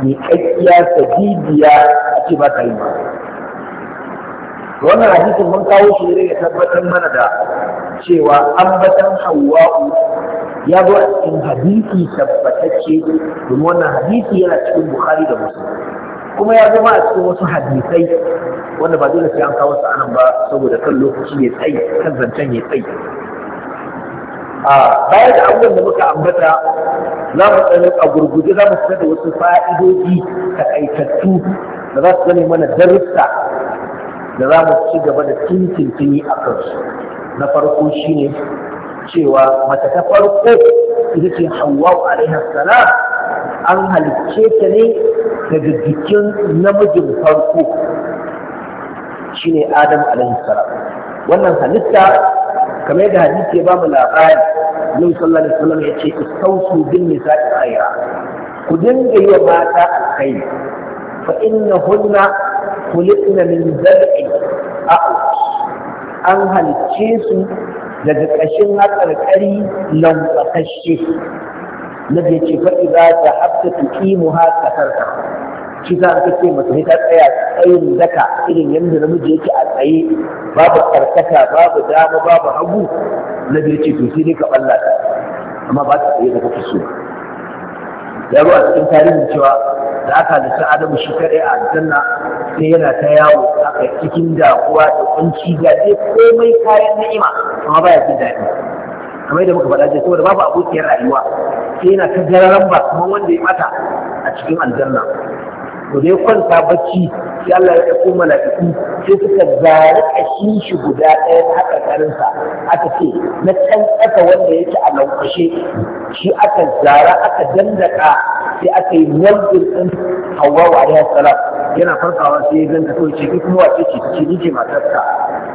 Speaker 1: mai kakkiya sadidiya a ce ba ta yi ba wannan hadisin mun kawo shi ne ya tabbatar mana da cewa ambatan hawa'u ya zo a cikin hadisi tabbatacce domin wannan hadisi yana cikin bukhari da muslim kuma ya zama a cikin wasu hadisai wanda ba dole sai an kawo su anan ba saboda kan lokaci ne tsayi kan zancen ya tsayi a bayan da abubuwan da muka ambata za mu tsanin a gurguje za mu fitar da wasu fa'idoji takaitattu da za su zama mana darussa da za mu ci gaba da tintintini a kansu na farko shine cewa mata ta farko ita ce hawwa'u alaiha salam an halicce ta ne daga jikin namijin farko shine adam alaihi salam wannan halitta kamar yadda hadisi ya bamu labari Yin sallallahu alaihi wasallam ya ce istausu bin nisa'i khaira ku dinga yi wa mata alkhairi fa innahunna kulikna min zar'i an halicce su daga ƙashin haƙarƙari lantsakashe na da ce faɗi za ta hafta ta ƙimu ha ƙasarka shi ta tsaya tsayin daka irin yadda namiji yake a tsaye babu karkata babu dama babu hagu na da ce to sai ka ɓalla amma ba ta tsaye da kake so ya zo a cikin tarihin cewa da aka halitta adamu shi kaɗai a aljanna sai yana ta yawo aka cikin damuwa da kunci ga dai komai kayan ni'ima amma baya jin daɗi kamar yadda muka faɗa jiya saboda babu abokiyar rayuwa sai yana ta gararan ba kamar wanda ya mata a cikin aljanna to dai kwanta bacci sai Allah ya ɗauko mala'iku sai suka zare ƙashin shi guda ɗaya ta haka aka ce na can ƙasa wanda yake a lankwashe shi aka zara aka dandaka sai aka yi ɗin hawa wa alaihi salam yana farkawa sai ya ganta kawai ce kuma wace ce ce ni ce matarka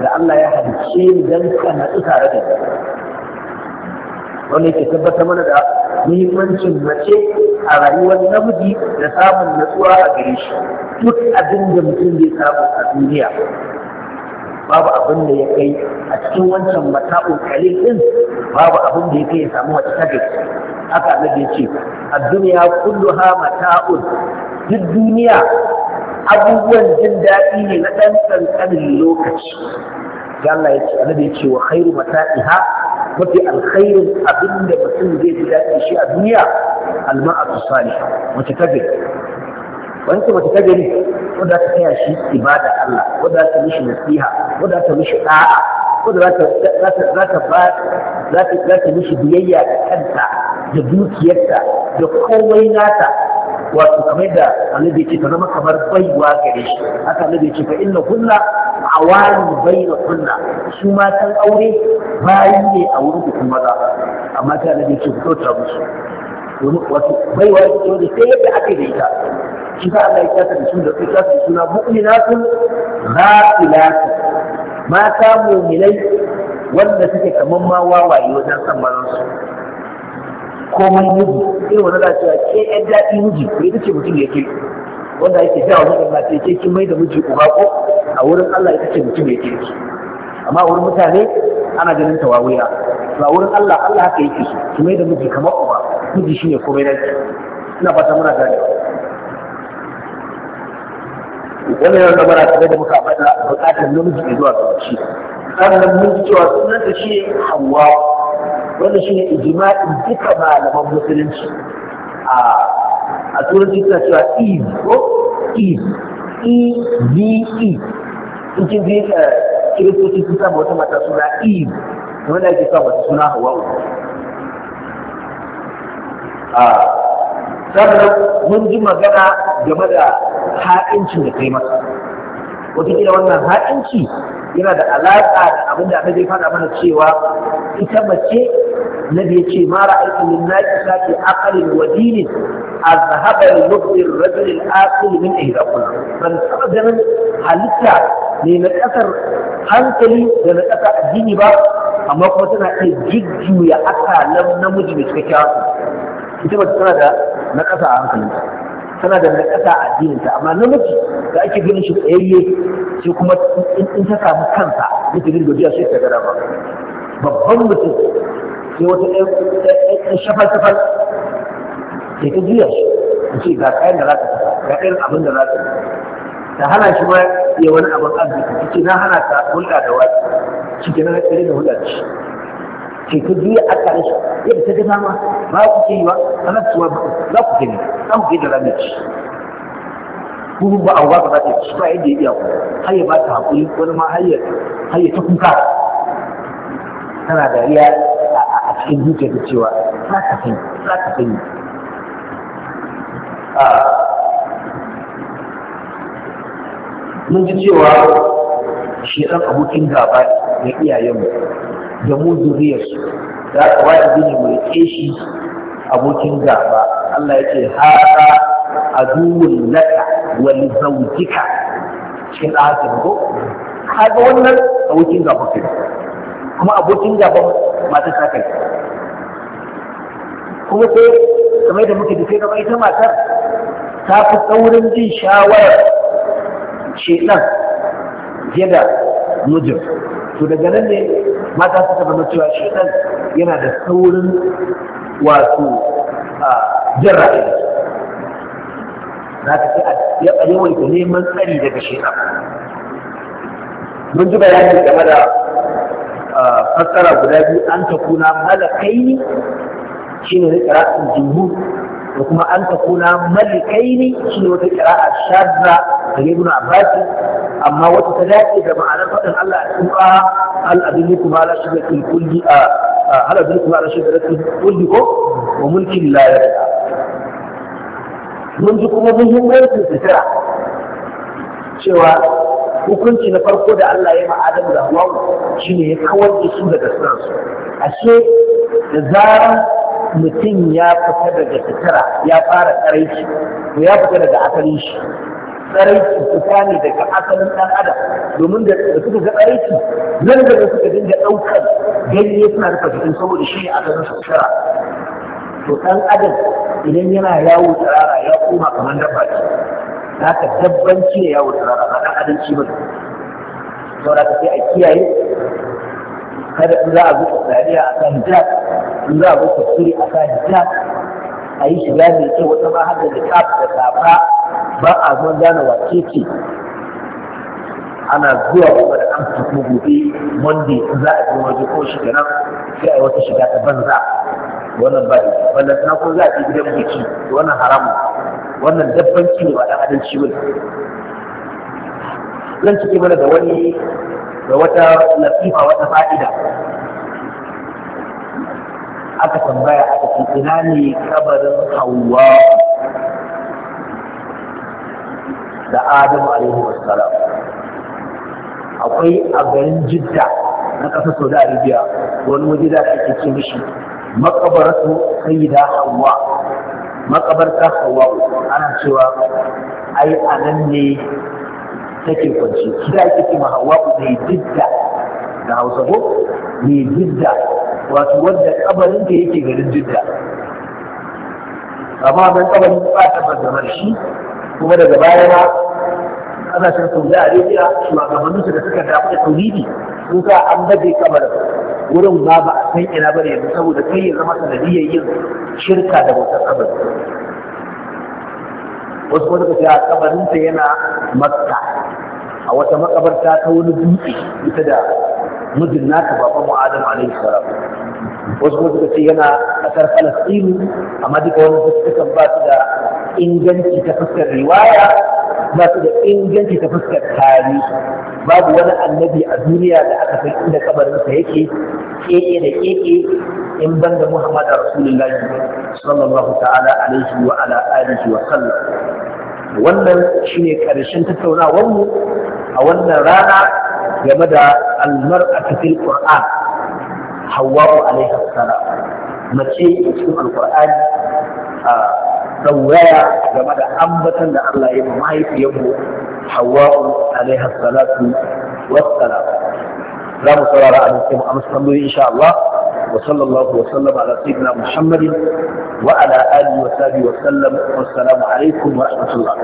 Speaker 1: da Allah ya halicce ni dan ka na tsara da wanda yake tabbata mana da muhimmancin mace a rayuwar namiji da samun natsuwa a gare shi duk abin da mutum zai samu a duniya babu abin da ya kai a cikin wancan mata'un kalil din babu abin da ya kai ya samu wata tagaci haka da ya ce a duniya ha mata'un duk duniya abubuwan jin daɗi ne na ɗan ƙanƙanin lokaci Allah ya ce annabi ya ce wa khairu mata'iha mafi alkhairin abin da mutum zai ji daɗi shi a duniya alma'atu salih mace ta gari wani ce mace ta gari wadda ta taya shi ibada Allah wadda ta mishi nasiha wadda ta mishi da'a wadda za ta ba za ta mishi biyayya da kanta da dukiyarta da komai nata wato kamar da annabi yake ta zama kamar baiwa gare shi haka annabi yake fa inna kunna awani bayna kunna su matan aure bayi ne a wurin bikin maza amma ta annabi yake ku kyauta musu domin wato baiwa yake wanda sai yadda ake da ita shi ta Allah ya kyasa da su da su kyasa da suna mu'minatun ghafilatu mata mu'minai wanda suke kamar ma wawaye wajen san mazansu komai miji irin wani za cewa ke yan daɗi miji ko ita ce mutum ya ke wanda yake jawo wajen Allah sai ke kin mai da miji uba ko a wurin Allah ita ce mutum ya ke amma wurin mutane ana ganin tawawiya a wurin Allah Allah haka yake so ki mai da miji kamar uba miji shi ne komai na ki ina fata muna gane wannan yana gabara kamar da muka faɗa buƙatar namiji zuwa ga mace sannan mun ji cewa sunan ta shi Hawwa wanda ne ijma'in duka malaman musulunci a a turanci suna cewa e ko e e v e cikin kin ji eh, kiristoci sun samu wata mata suna e wanda ake sa wata suna a sannan mun ji magana game da ha'incin da kai masa wataƙila wannan ha'inci yana da alaƙa da abin da annabi faɗa mana cewa ita mace nabi yace ma ra'aytu min naqisati aqlin wa dinin azhaba li lubbi ar-rajul al-aqil min ihdakunna ban taɓa ganin halitta ne na ƙasar hankali da na ƙasa addini ba amma kuma tana iya jujjuya akalan namiji mai cikakken ita mace tana da na ƙasa a hankalinta tana da nakasa a addininta amma namiji da ake ganin shi tsayayye sai kuma in ta samu kansa yake gani gajiya sai ta gara ba babban mutum sai wata ɗan shafal-shafal sai ta juya shi in ce ga kayan da za ka ga irin abin da za ka ta hana shi ma ya wani abin arziki ta ce na hana ta hulɗa da wani shi ke na da hulɗa da shi ce ta biya a kare shi yadda ta gana ma ba ku ke yi wa sanarsuwa ba za ku gani za ku gani da ranar ci kuma ba a wa ba za ta ci ba yadda ya iya ku har ba ta haƙuri wani ma har ya ta kuka tana dariya a cikin zuciya ta cewa za ka sani za ka sani mun ji cewa shi ɗan abokin gaba na iyayenmu da mu zuriyarsu da aka wajibi ne mu riƙe shi abokin gaba Allah ya ce haka aduwwun laka wa li zawjika cikin ayatin ko kaga wannan abokin gaba kai kuma abokin gaba mata ta kai kuma sai kamar da muke dukai kamar ita matar ta fi saurin jin shawarar shedan fiye da mijin to daga nan ne mata suka zama cewa shi ɗan yana da saurin wato jin ra'ayi za ka ce a yawaita neman tsari daga shi ɗan mun ji bayani game da fassara guda biyu an ta kuna malakai shi ne ƙira'in jihu da kuma an ta kuna malakai ne shi ne wata a shadda da a abbas amma wata ta dace da ma'anar faɗin Allah a cikin al'adun al'adini kuma ala shi da kulli a halabin kuma ala shi da kulli ko wa mulkin layar mun ji kuma muhimmancin sutura cewa hukunci na farko da Allah ya ma Adam da Hawwa ne ya kawar da su daga sirransu ashe da zarar mutum ya fita daga sutura ya fara shi? to ya fita daga asalin shi tsaraici su ne daga asalin ɗan adam domin da suka ga tsaraici nan da suka dinga ɗaukar ganye suna rufe jikin saboda shi ne asalin su shara to ɗan adam idan yana yawo tsirara ya koma kamar dabba ce za ka dabbanci ne yawo tsirara ba ɗan adam ci ba saboda ka sai a kiyaye kada in za a zo tsariya a kan jack in za a zo tafsiri a kan jack a yi shiga mai kyau wata ma har da da kafa da safa ba a mun gane wace ce ana zuwa kuma da an fito gobe monday in za a je waje ko shiga nan, sai a yi wata shiga ta banza wannan ba wannan tana ko za a je gidan biki wannan haramu wannan dabbanci ne ba da adalci ba zan cike mana da wani da wata latifa wata fa'ida aka tambaya aka ce ina ne kabarin hawa da adamu alaihi wasallam akwai a garin jidda na ƙasar saudi arabia wani waje da ake ce mishi makabaratu sayyida hawa makabarta hawa ana cewa ai a nan ne take kwanci kida ake ce ma hawa mai jidda da hausa ko mai jidda wato wanda kabarin da yake garin jidda amma wannan kabarin ba ta bazamar shi kuma daga baya ma kasashen saudi arabia shugabannin su da suka damu da tauhidi sun sa an baje kamar wurin ba ba a san ina bane yanzu saboda kai ya zama sanadiyyar yin shirka da bautar kabari wasu wanda kace a kabarinta yana makka a wata makabarta ta wani dutse ita da mijin naka baban mu adam alaihi salam wasu kuma suka ce yana kasar falastinu amma duka wani suka ba su da inganci ta fuskar riwaya ba da inganci ta fuskar tari. babu wani annabi a duniya da aka san inda kabarinsa yake keke da keke in banda Muhammad Rasulullahi sallallahu ta'ala alaihi wa ala alihi wa sallam wannan shine karshen tattaunawar mu a wannan rana game da almar'atu fil qur'an hawwa alaiha salam mace cikin alqur'ani sauraya game da ambatan da Allah ya mahaifiyarmu Hawwa'u alaiha salatu wassalam za mu saurara a cikin amsallu insha Allah wa sallallahu wa sallama ala sayyidina Muhammadin wa ala alihi wa sahbihi wa sallam wa assalamu alaikum wa rahmatullah